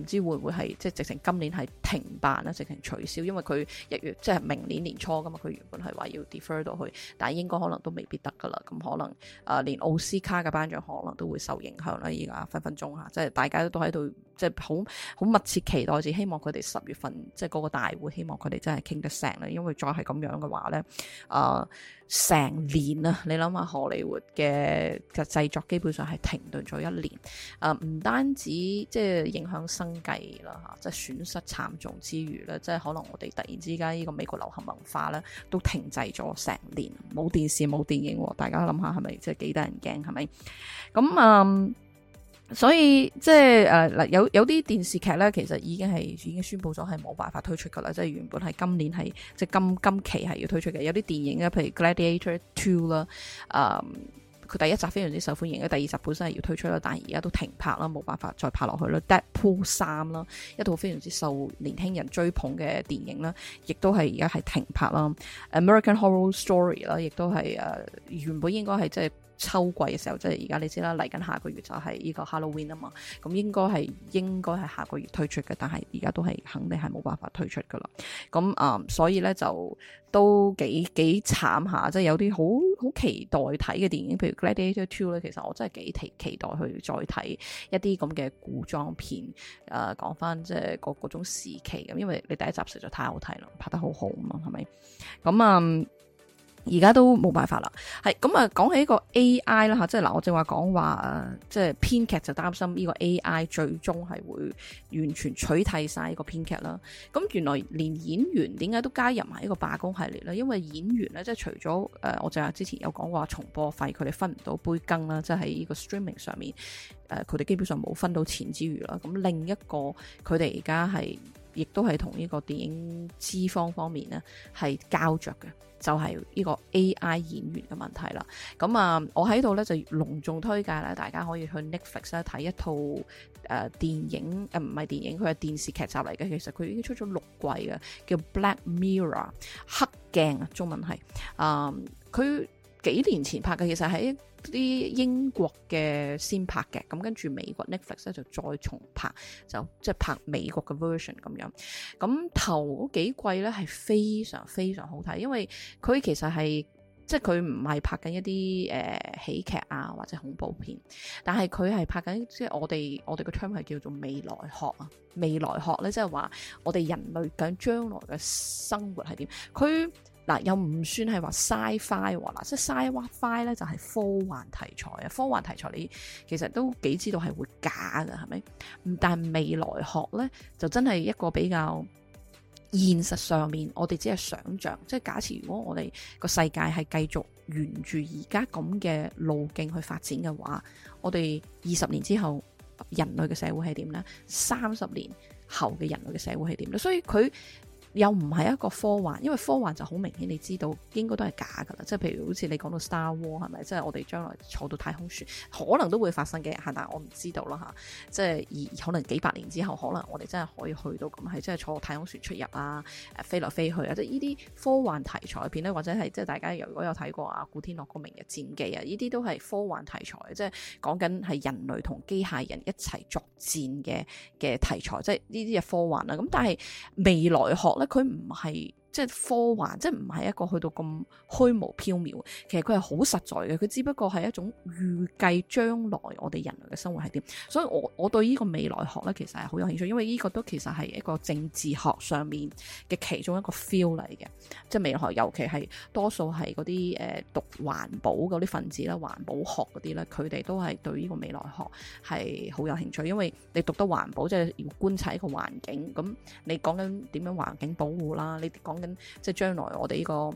唔知會唔會係即係直情今年係停辦啦，直情取消，因為佢一月即係明年年初㗎嘛，佢原本係話要 defer 到去，但係應該可能都未必得㗎喇。咁可能誒、呃、連奧斯卡嘅頒獎可能都會受影響啦。而家分分鐘吓，即係大家都喺度。即係好好密切期待住，只希望佢哋十月份即係嗰個大會，希望佢哋真係傾得成咧。因為再係咁樣嘅話咧，誒、呃、成年啊，你諗下荷里活嘅嘅製作基本上係停頓咗一年。誒、呃、唔單止即係影響生計啦嚇，即係損失慘重之餘咧，即係可能我哋突然之間呢個美國流行文化咧都停滯咗成年，冇電視冇電影，大家諗下係咪即係幾得人驚？係咪咁啊？所以即係嗱、呃，有有啲電視劇咧，其實已經係已經宣布咗係冇辦法推出噶啦，即係原本係今年係即係今今期係要推出嘅。有啲電影咧，譬如《Gladiator Two》啦，誒、呃、佢第一集非常之受歡迎，嘅第二集本身係要推出啦，但係而家都停拍啦，冇辦法再拍落去啦。《Deadpool 三》啦，一套非常之受年輕人追捧嘅電影啦，亦都係而家係停拍啦。《American Horror Story》啦，亦都係、呃、原本應該係即係，秋季嘅時候，即係而家你知啦，嚟緊下，下個月就係呢個 Halloween 啊嘛，咁應該係應該係下個月推出嘅，但係而家都係肯定係冇辦法推出噶啦。咁啊、嗯，所以咧就都幾幾慘下。即係有啲好好期待睇嘅電影，譬如《Gladiator Two》咧，其實我真係幾期期待去再睇一啲咁嘅古裝片。誒、呃，講翻即係各種時期咁，因為你第一集實在太好睇啦，拍得很好好啊嘛，係咪？咁啊。嗯而家都冇辦法啦，係咁啊！講起一個 AI 啦嚇，即係嗱，我正話講話誒，即係編劇就擔心呢個 AI 最終係會完全取締晒呢個編劇啦。咁原來連演員點解都加入埋一個罷工系列咧？因為演員咧，即係除咗誒，我正話之前有講過重播費，佢哋分唔到杯羹啦，即係喺呢個 streaming 上面誒，佢哋基本上冇分到錢之餘啦，咁另一個佢哋而家係。亦都係同呢個電影資方，方面咧係膠着嘅，就係、是、呢個 AI 演員嘅問題啦。咁啊，我喺度咧就隆重推介啦，大家可以去 Netflix 咧睇一套誒、呃、電影，誒唔係電影，佢係電視劇集嚟嘅。其實佢已經出咗六季嘅，叫《Black Mirror 黑》黑鏡啊，中文係啊佢。幾年前拍嘅，其實喺啲英國嘅先拍嘅，咁跟住美國 Netflix 咧就再重拍，就即係拍美國嘅 version 咁樣。咁頭幾季呢，係非常非常好睇，因為佢其實係即係佢唔係拍緊一啲誒、呃、喜劇啊或者恐怖片，但係佢係拍緊即係我哋我哋個 theme 係叫做未來學啊。未來學呢，即係話我哋人類緊將來嘅生活係點，佢。嗱，又唔算係話 Sci-Fi 喎，嗱，即係 Sci-Fi 呢就係科幻題材啊，科幻題材你其實都幾知道係會假㗎，係咪？但未來學呢，就真係一個比較現實上面，我哋只係想像，即係假設如果我哋個世界係繼續沿住而家咁嘅路徑去發展嘅話，我哋二十年之後人類嘅社會係點呢？三十年後嘅人類嘅社會係點呢？所以佢。又唔係一個科幻，因為科幻就好明顯，你知道應該都係假㗎啦。即係譬如好似你講到 Star War 係咪？即係我哋將來坐到太空船，可能都會發生嘅嚇。但係我唔知道啦吓，即係而可能幾百年之後，可能我哋真係可以去到咁係，即係坐太空船出入啊，飛來飛去啊。即係呢啲科幻題材片咧，或者係即係大家如果有睇過啊，古天樂個《明日戰記》啊，呢啲都係科幻題材，即係講緊係人類同機械人一齊作戰嘅嘅題材，即係呢啲嘅科幻啦。咁但係未來學。佢唔係。即係科幻，即係唔係一個去到咁虛無縹緲，其實佢係好實在嘅，佢只不過係一種預計將來我哋人類嘅生活係點，所以我我對呢個未來學呢，其實係好有興趣，因為呢個都其實係一個政治學上面嘅其中一個 feel 嚟嘅，即係未來學，尤其係多數係嗰啲誒讀環保嗰啲分子啦，環保學嗰啲呢，佢哋都係對呢個未來學係好有興趣，因為你讀得環保，即係要觀察一個環境，咁你講緊點樣環境保護啦，你講即係將來我哋呢、這個。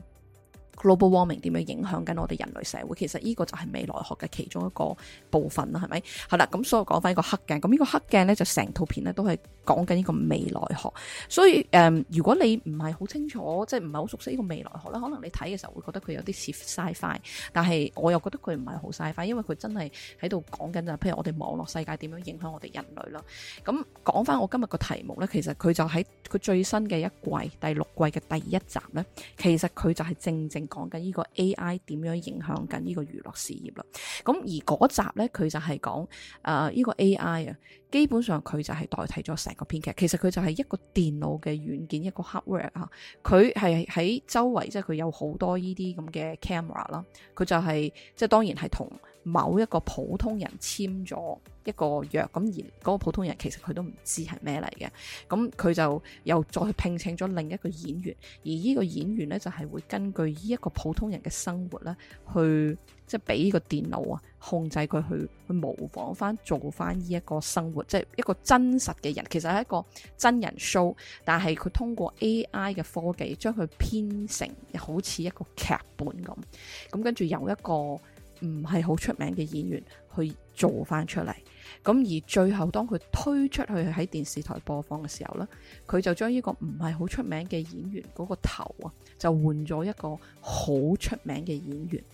Global warming 點樣影響緊我哋人類社會？其實呢個就係未來學嘅其中一個部分啦，係咪？係啦，咁所以講翻呢個黑鏡，咁呢個黑鏡呢，就成套片呢都係講緊呢個未來學。所以誒、嗯，如果你唔係好清楚，即係唔係好熟悉呢個未來學呢，可能你睇嘅時候會覺得佢有啲似 sci-fi，但係我又覺得佢唔係好 sci-fi，因為佢真係喺度講緊就譬如我哋網絡世界點樣影響我哋人類啦。咁講翻我今日個題目呢，其實佢就喺佢最新嘅一季第六季嘅第一集呢，其實佢就係正正。講緊呢個 AI 點樣影響緊呢個娛樂事業啦，咁而嗰集呢，佢就係講誒呢個 AI 啊，基本上佢就係代替咗成個編劇，其實佢就係一個電腦嘅軟件，一個 hardware 啊，佢係喺周圍，即係佢有好多呢啲咁嘅 camera 啦，佢就係即係當然係同。某一個普通人簽咗一個約，咁而嗰個普通人其實佢都唔知係咩嚟嘅，咁佢就又再去聘請咗另一個演員，而呢個演員呢，就係會根據呢一個普通人嘅生活呢，去即係俾呢個電腦啊控制佢去去模仿翻做翻呢一個生活，即係一個真實嘅人，其實係一個真人 show，但係佢通過 AI 嘅科技將佢編成好似一個劇本咁，咁跟住有一個唔係好出名嘅演員去做翻出嚟，咁而最後當佢推出去喺電視台播放嘅時候呢，佢就將呢個唔係好出名嘅演員嗰個頭啊，就換咗一個好出名嘅演員。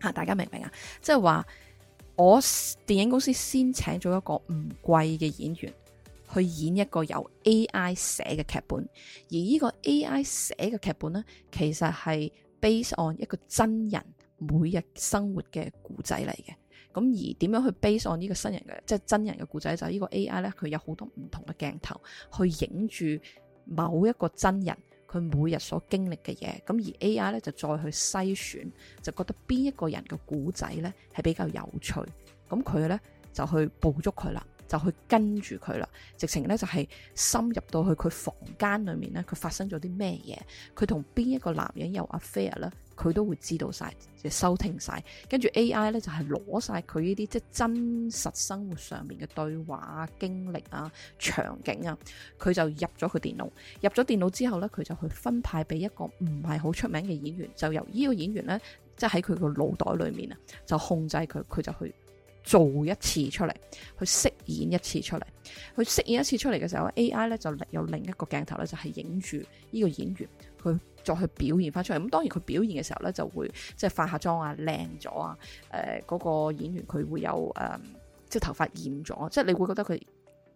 吓、啊，大家明唔明啊？即係話我電影公司先請咗一個唔貴嘅演員去演一個由 AI 寫嘅劇本，而呢個 AI 寫嘅劇本呢，其實係 based on 一個真人。每日生活嘅故仔嚟嘅，咁而點樣去 base on 呢個新人嘅、就係、真人嘅，即係真人嘅故仔就係、係、呢個 A I 呢。佢有好多唔同嘅鏡頭去影住某一個真人佢每日所經歷嘅嘢，咁而 A I 呢就再去篩選，就覺得邊一個人嘅故仔呢係比較有趣，咁佢呢就去捕捉佢啦，就去跟住佢啦，直情呢就係深入到去佢房間裏面呢，佢發生咗啲咩嘢，佢同邊一個男人有 affair 呢。佢都會知道曬，即係收聽晒。跟住 AI 呢，就係攞晒佢呢啲即係真實生活上面嘅對話、經歷啊、場景啊，佢就入咗佢電腦，入咗電腦之後呢，佢就去分派俾一個唔係好出名嘅演員，就由呢個演員呢，即係喺佢個腦袋裡面啊，就控制佢，佢就去做一次出嚟，去飾演一次出嚟，去飾演一次出嚟嘅時候，AI 呢就有另一個鏡頭呢就係影住呢個演員佢。再去表現翻出嚟，咁當然佢表現嘅時候呢，就會即係化下妝啊，靚咗啊，誒、呃、嗰、嗰個演員佢會有誒、呃、即係頭髮染咗，即係你會覺得佢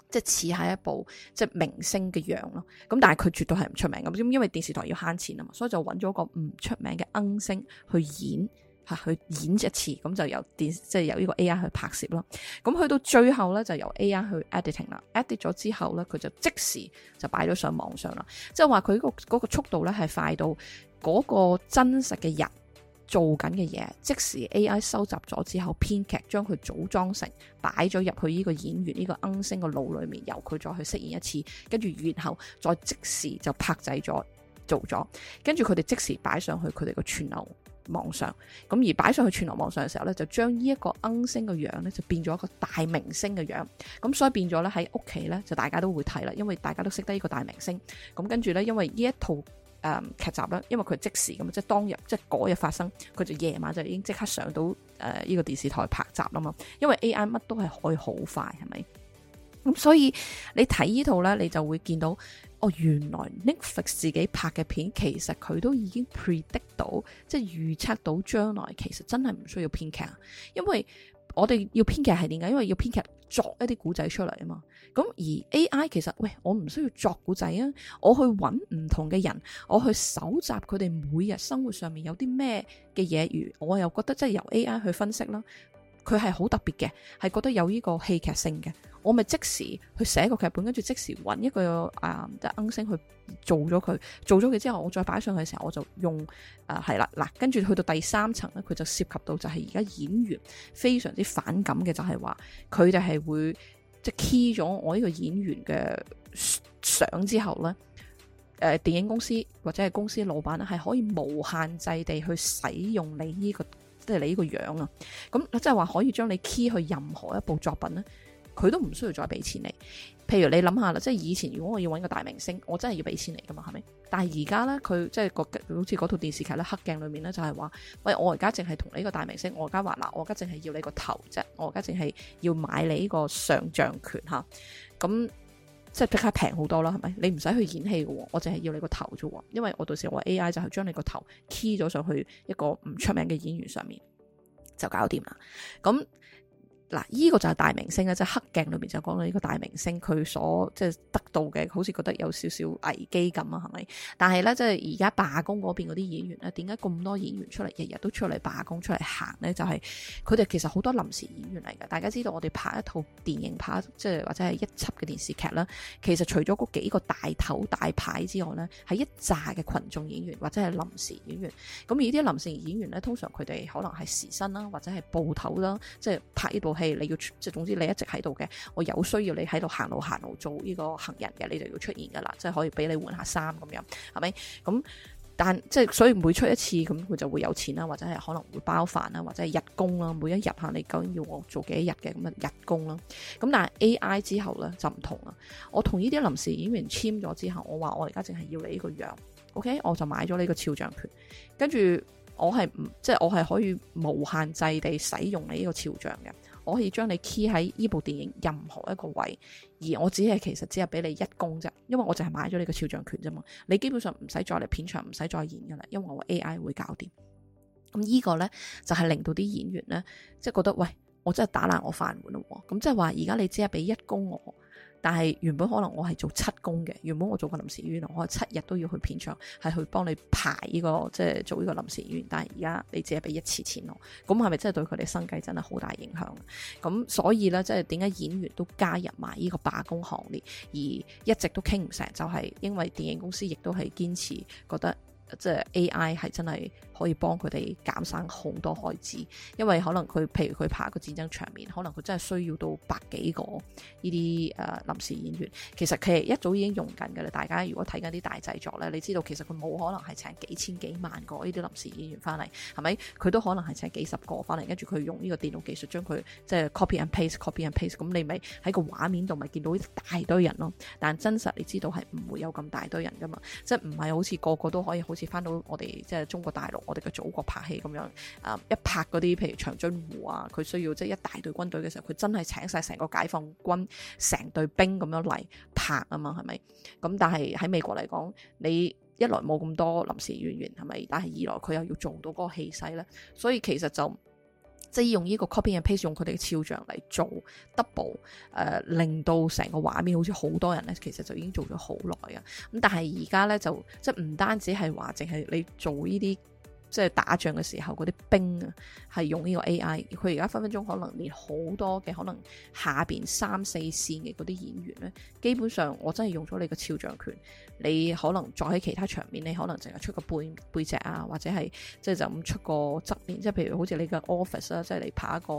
即係似係一部即係明星嘅樣咯，咁但係佢絕對係唔出名咁，因因為電視台要慳錢啊嘛，所以就揾咗一個唔出名嘅奀星去演。去演一次，咁就由電視即係、就是、由呢個 A I 去拍攝咯。咁去到最後呢，就由 A I 去 editing 啦。edit 咗之後呢，佢就即時就擺咗上網上啦。即係話佢個嗰個速度呢係快到嗰個真實嘅人做緊嘅嘢，即時 A I 收集咗之後，編劇將佢組裝成擺咗入去呢個演員呢個 n 聲嘅腦裏面，由佢再去飾演一次，跟住然後再即時就拍製咗做咗，跟住佢哋即時擺上去佢哋個串流。網上，咁而擺上去串流網上嘅時候呢，就將呢一個鵪星嘅樣呢，就變咗一個大明星嘅樣。咁所以變咗呢，喺屋企呢，就大家都會睇啦，因為大家都識得呢個大明星。咁跟住呢，因為呢一套誒劇集呢，因為佢即時咁，即係當日即係嗰日發生，佢就夜晚就已經即刻上到誒呢、呃這個電視台拍集啦嘛。因為 AI 乜都係可以好快，係咪？咁所以你睇呢套呢，你就會見到。哦，原來 Netflix 自己拍嘅片，其實佢都已經 predict 到，即係預測到將來，其實真係唔需要編劇，因為我哋要編劇係點解？因為要編劇作一啲古仔出嚟啊嘛。咁而 AI 其實喂，我唔需要作古仔啊，我去揾唔同嘅人，我去搜集佢哋每日生活上面有啲咩嘅嘢，如我又覺得即係由 AI 去分析啦。佢係好特別嘅，係覺得有呢個戲劇性嘅，我咪即時去寫個劇本，跟住即時揾一個啊、呃、即係鈴聲去做咗佢，做咗佢之後，我再擺上去嘅時候，我就用啊係啦嗱，跟、呃、住去到第三層咧，佢就涉及到就係而家演員非常之反感嘅就係話，佢哋係會即、就是、key 咗我呢個演員嘅相之後呢。誒、呃、電影公司或者係公司嘅老闆咧係可以無限制地去使用你呢、這個。即係你呢個樣啊，咁即係話可以將你 key 去任何一部作品咧，佢都唔需要再俾錢你。譬如你諗下啦，即係以前如果我要搵個大明星，我真係要俾錢你噶嘛，係咪？但係而家呢，佢即係個好似嗰套電視劇咧，黑鏡裏面咧就係話，喂，我而家淨係同你呢個大明星，我而家話嗱，我而家淨係要你個頭啫，我而家淨係要買你呢個肖像權吓，咁、嗯。即係即刻平好多啦，係咪？你唔使去演戲嘅，我淨係要你個頭啫，因為我到時我 AI 就係將你個頭 key 咗上去一個唔出名嘅演員上面就搞掂啦。咁。嗱，依個就係大明星啊！即係黑鏡裏面就講到呢個大明星佢所即係得到嘅，好似覺得有少少危機感啊，係咪？但係咧，即係而家罷工嗰邊嗰啲演員咧，點解咁多演員出嚟日日都出嚟罷工出嚟行咧？就係佢哋其實好多臨時演員嚟㗎。大家知道我哋拍一套電影拍即係或者係一輯嘅電視劇啦，其實除咗嗰幾個大頭大牌之外咧，係一紮嘅群眾演員或者係臨時演員，咁而啲臨時演員咧，通常佢哋可能係時薪啦，或者係部頭啦，即係拍呢部。係、hey, 你要即總之你一直喺度嘅。我有需要你喺度行路行路做呢個行人嘅，你就要出現噶啦。即係可以俾你換下衫咁樣，係咪？咁但即係所以每出一次咁，佢就會有錢啦，或者係可能會包飯啦，或者係日工啦。每一日吓你究竟要我做幾日嘅咁啊？日工啦。咁但係 AI 之後咧就唔同啦。我同呢啲臨時演員簽咗之後，我話我而家淨係要你呢個樣，OK？我就買咗呢個肖像權，跟住我係唔，即係我係可以無限制地使用你呢個肖像嘅。我可以將你 key 喺呢部電影任何一個位，而我只係其實只係俾你一公啫，因為我就係買咗你嘅肖像權啫嘛。你基本上唔使再嚟片場，唔使再演噶啦，因為我 AI 會搞掂。咁呢個呢，就係令到啲演員呢，即係覺得喂，我真係打爛我飯碗啦。咁即係話而家你只係俾一公我。但係原本可能我係做七工嘅，原本我做個臨時演員，我係七日都要去片場，係去幫你排依、呢個即係做呢個臨時演員。但係而家你淨係俾一次錢囉，咁係咪真係對佢哋生計真係好大影響？咁所以呢，即係點解演員都加入埋呢個罷工行列，而一直都傾唔成，就係、是、因為電影公司亦都係堅持覺得即係 A I 係真係可以幫佢哋減省好多開支，因為可能佢譬如佢拍個戰爭場面，可能佢真係需要到百幾個呢啲誒臨時演員。其實佢係一早已經用緊㗎啦。大家如果睇緊啲大製作咧，你知道其實佢冇可能係請幾千幾萬個呢啲臨時演員翻嚟，係咪？佢都可能係請幾十個翻嚟，跟住佢用呢個電腦技術將佢即係 copy and paste，copy and paste。咁你咪喺個畫面度咪見到一大堆人咯？但真實你知道係唔會有咁大堆人㗎嘛？即係唔係好似個個都可以好似翻到我哋即係中國大陸？我哋嘅祖國拍戲咁樣，啊一拍嗰啲譬如長津湖啊，佢需要即係一大隊軍隊嘅時候，佢真係請晒成個解放軍成隊兵咁樣嚟拍啊嘛，係咪？咁但係喺美國嚟講，你一來冇咁多臨時演員，係咪？但係二來佢又要做到嗰個氣勢咧，所以其實就即係用呢個 copy and paste 用佢哋嘅肖像嚟做 double，誒、呃、令到成個畫面好似好多人咧，其實就已經做咗好耐啊。咁但係而家咧就即係唔單止係話淨係你做呢啲。即係打仗嘅時候，啲兵啊，係用呢個 AI。佢而家分分鐘可能連好多嘅可能下邊三四線嘅啲演員咧，基本上我真係用咗你個肖像權，你可能再喺其他場面，你可能淨係出個背背脊啊，或者係即係就咁出個側面。即係譬如好似你嘅 Office 啦，即係你拍一個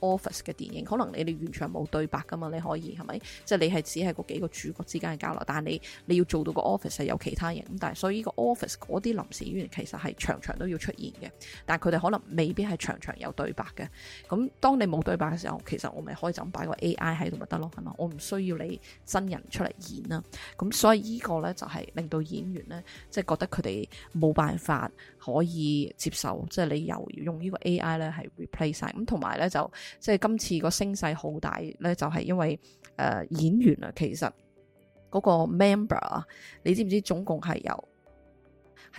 Office 嘅電影，可能你哋完全冇對白㗎嘛，你可以係咪？即係你係只係幾個主角之間嘅交流，但你你要做到個 Office 係有其他人咁，但係所以呢個 Office 啲臨時演員其實係場場都要出現嘅，但係佢哋可能未必係場場有對白嘅。咁當你冇對白嘅時候，其實我咪可以就咁擺個 AI 喺度咪得咯，係嘛？我唔需要你真人出嚟演啦。咁所以呢個呢，就係令到演員呢，即係覺得佢哋冇辦法可以接受，即、就、係、是、你又要用呢個 AI 呢係 replace 晒。咁同埋呢，就即係、就是、今次個聲勢好大呢，就係、是、因為誒、呃、演員啊，其實嗰個 member 啊，你知唔知總共係有？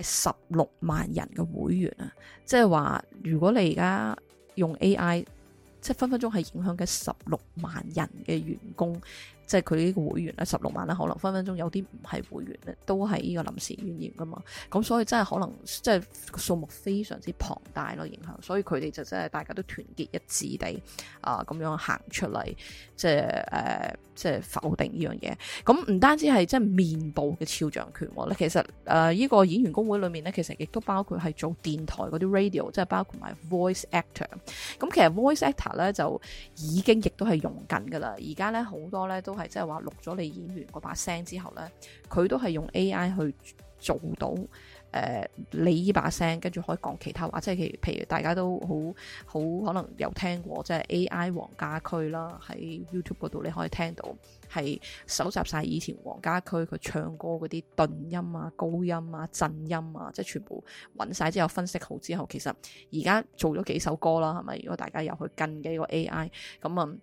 十六萬人嘅會員啊，即係話如果你而家用 AI，即係分分鐘係影響緊十六萬人嘅員工，即係佢呢個會員啦，十六萬啦，可能分分鐘有啲唔係會員咧，都係呢個臨時演員噶嘛，咁所以真係可能即係數目非常之龐大咯，影響，所以佢哋就真係大家都團結一致地啊咁、呃、樣行出嚟，即係誒。呃即係否定呢樣嘢，咁唔單止係即係面部嘅肖像權咧，其實誒依、呃呢個演員工會裏面咧，其實亦都包括係做電台嗰啲 radio，即係包括埋 voice actor。咁其實 voice actor 咧就已經亦都係用緊噶啦，而家咧好多咧都係即係話錄咗你演員嗰把聲之後咧，佢都係用 AI 去做到。誒、呃，你依把聲跟住可以講其他話，即係其譬如大家都好好可能有聽過，即係 AI 黃家駒啦，喺 YouTube 嗰度你可以聽到，係搜集晒以前黃家駒佢唱歌嗰啲頓音啊、高音啊、震音啊，即係全部揾晒之後分析好之後，其實而家做咗幾首歌啦，係咪？如果大家有去跟嘅一個 AI，咁啊～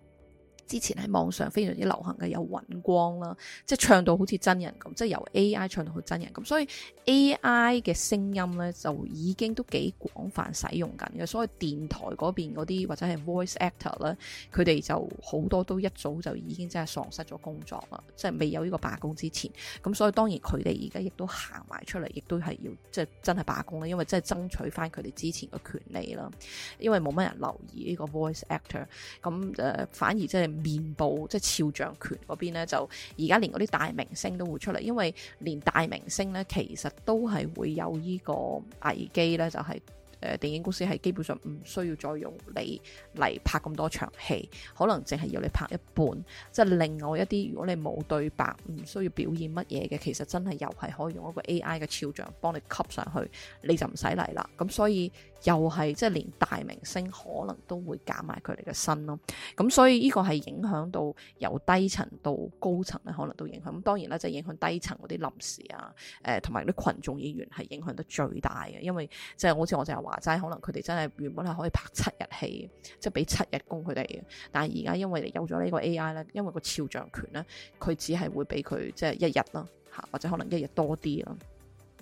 之前喺網上非常之流行嘅有搵光啦，即係唱到好似真人咁，即係由 AI 唱到好似真人咁，所以 AI 嘅聲音咧就已經都幾廣泛使用緊嘅，所以電台嗰邊嗰啲或者係 voice actor 咧，佢哋就好多都一早就已經真係喪失咗工作啦，即係未有呢個罷工之前，咁所以當然佢哋而家亦都行埋出嚟，亦都係要即係真係罷工啦，因為真係爭取翻佢哋之前嘅權利啦，因為冇乜人留意呢個 voice actor，咁誒、呃、反而即係。面部即係肖像權嗰邊呢，就而家連嗰啲大明星都會出嚟，因為連大明星呢，其實都係會有呢個危機呢，就係，誒，電影公司係基本上唔需要再用你嚟拍咁多場戲，可能淨係要你拍一半，即係另外一啲如果你冇對白，唔需要表現乜嘢嘅，其實真係又係可以用一個 AI 嘅肖像幫你吸上去，你就唔使嚟啦。咁所以。又係即係連大明星可能都會減埋佢哋嘅薪咯，咁所以呢個係影響到由低層到高層咧，可能都影響。咁當然啦，就係、是、影響低層嗰啲臨時啊，誒同埋啲群眾演員係影響得最大嘅，因為即係、就是、好似我成日話齋，可能佢哋真係原本係可以拍七日戲，即係俾七日工佢哋嘅，但係而家因為有咗呢個 A.I. 咧，因為個肖像權咧，佢只係會俾佢即係一日啦，嚇或者可能一日多啲啦。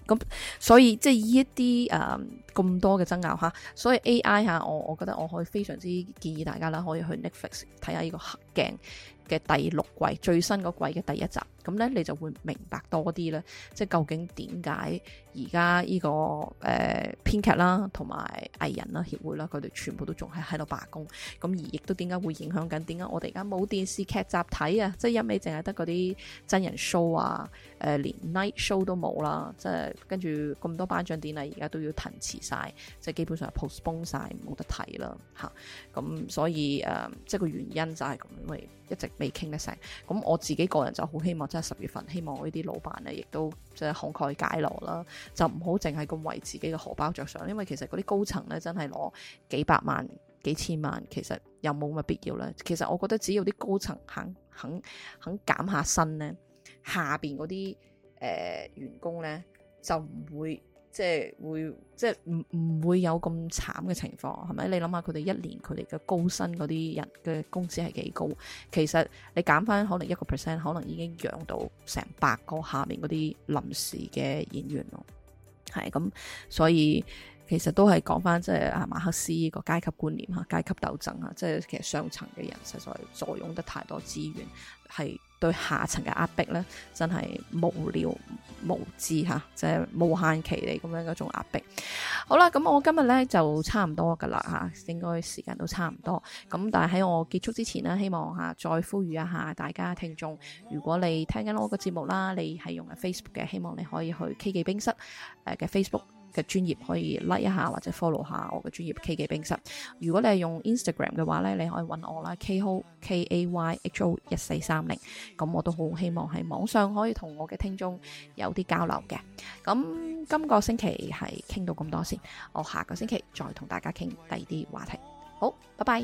咁所以即係依一啲誒咁多嘅爭拗吓，所以 AI 吓，嗯、AI，我，我覺得我可以非常之建議大家啦，可以去 Netflix 睇下呢個黑鏡嘅第六季最新嗰季嘅第一集。咁咧，你就會明白多啲，這個呃、啦，即係究竟點解而家呢個誒編劇啦，同埋藝人啦協會啦，佢哋全部都仲係喺度罷工，咁而亦都點解會影響緊，點解我哋而家冇電視劇集睇啊？即係一味淨係得嗰啲真人 show 啊，誒、呃、連 night show 都冇啦，即係跟住咁多頒獎典禮而家都要騰遲晒，即係基本上 postpone 曬冇得睇啦吓，咁、啊、所以誒、呃、即係個原因就係咁，因為一直未傾得成，咁我自己個人就好希望。喺十月份，希望呢啲老闆咧，亦都即係慷慨解囊啦，就唔好淨係咁為自己嘅荷包着想，因為其實嗰啲高層咧，真係攞幾百萬、幾千萬，其實又冇乜必要啦。其實我覺得，只要啲高層肯肯肯減下薪咧，下邊嗰啲誒員工咧就唔會。即係會，即係唔唔會有咁慘嘅情況，係咪？你諗下佢哋一年佢哋嘅高薪嗰啲人嘅工資係幾高？其實你減翻可能一個 percent，可能已經養到成百個下面嗰啲臨時嘅演員咯。係咁，所以其實都係講翻即係阿馬克思個階級觀念嚇，階級鬥爭嚇，即係其實上層嘅人實在坐擁得太多資源係。對下層嘅壓迫咧，真係無聊無知吓，即係無限期地咁樣嗰種壓迫。好啦，咁我今日咧就差唔多噶啦吓，應該時間都差唔多。咁但係喺我結束之前呢，希望吓再呼籲一下大家聽眾，如果你聽緊我嘅節目啦，你係用嘅 Facebook 嘅，希望你可以去 K 記冰室誒嘅 Facebook。嘅專業可以 like 一下或者 follow 下我嘅專業 K 記冰室。如果你係用 Instagram 嘅話咧，你可以揾我啦 k h o K A Y H O 一四三零。咁我都好希望喺網上可以同我嘅聽眾有啲交流嘅。咁今個星期係傾到咁多先，我下個星期再同大家傾第二啲話題。好，拜拜。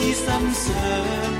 痴心想。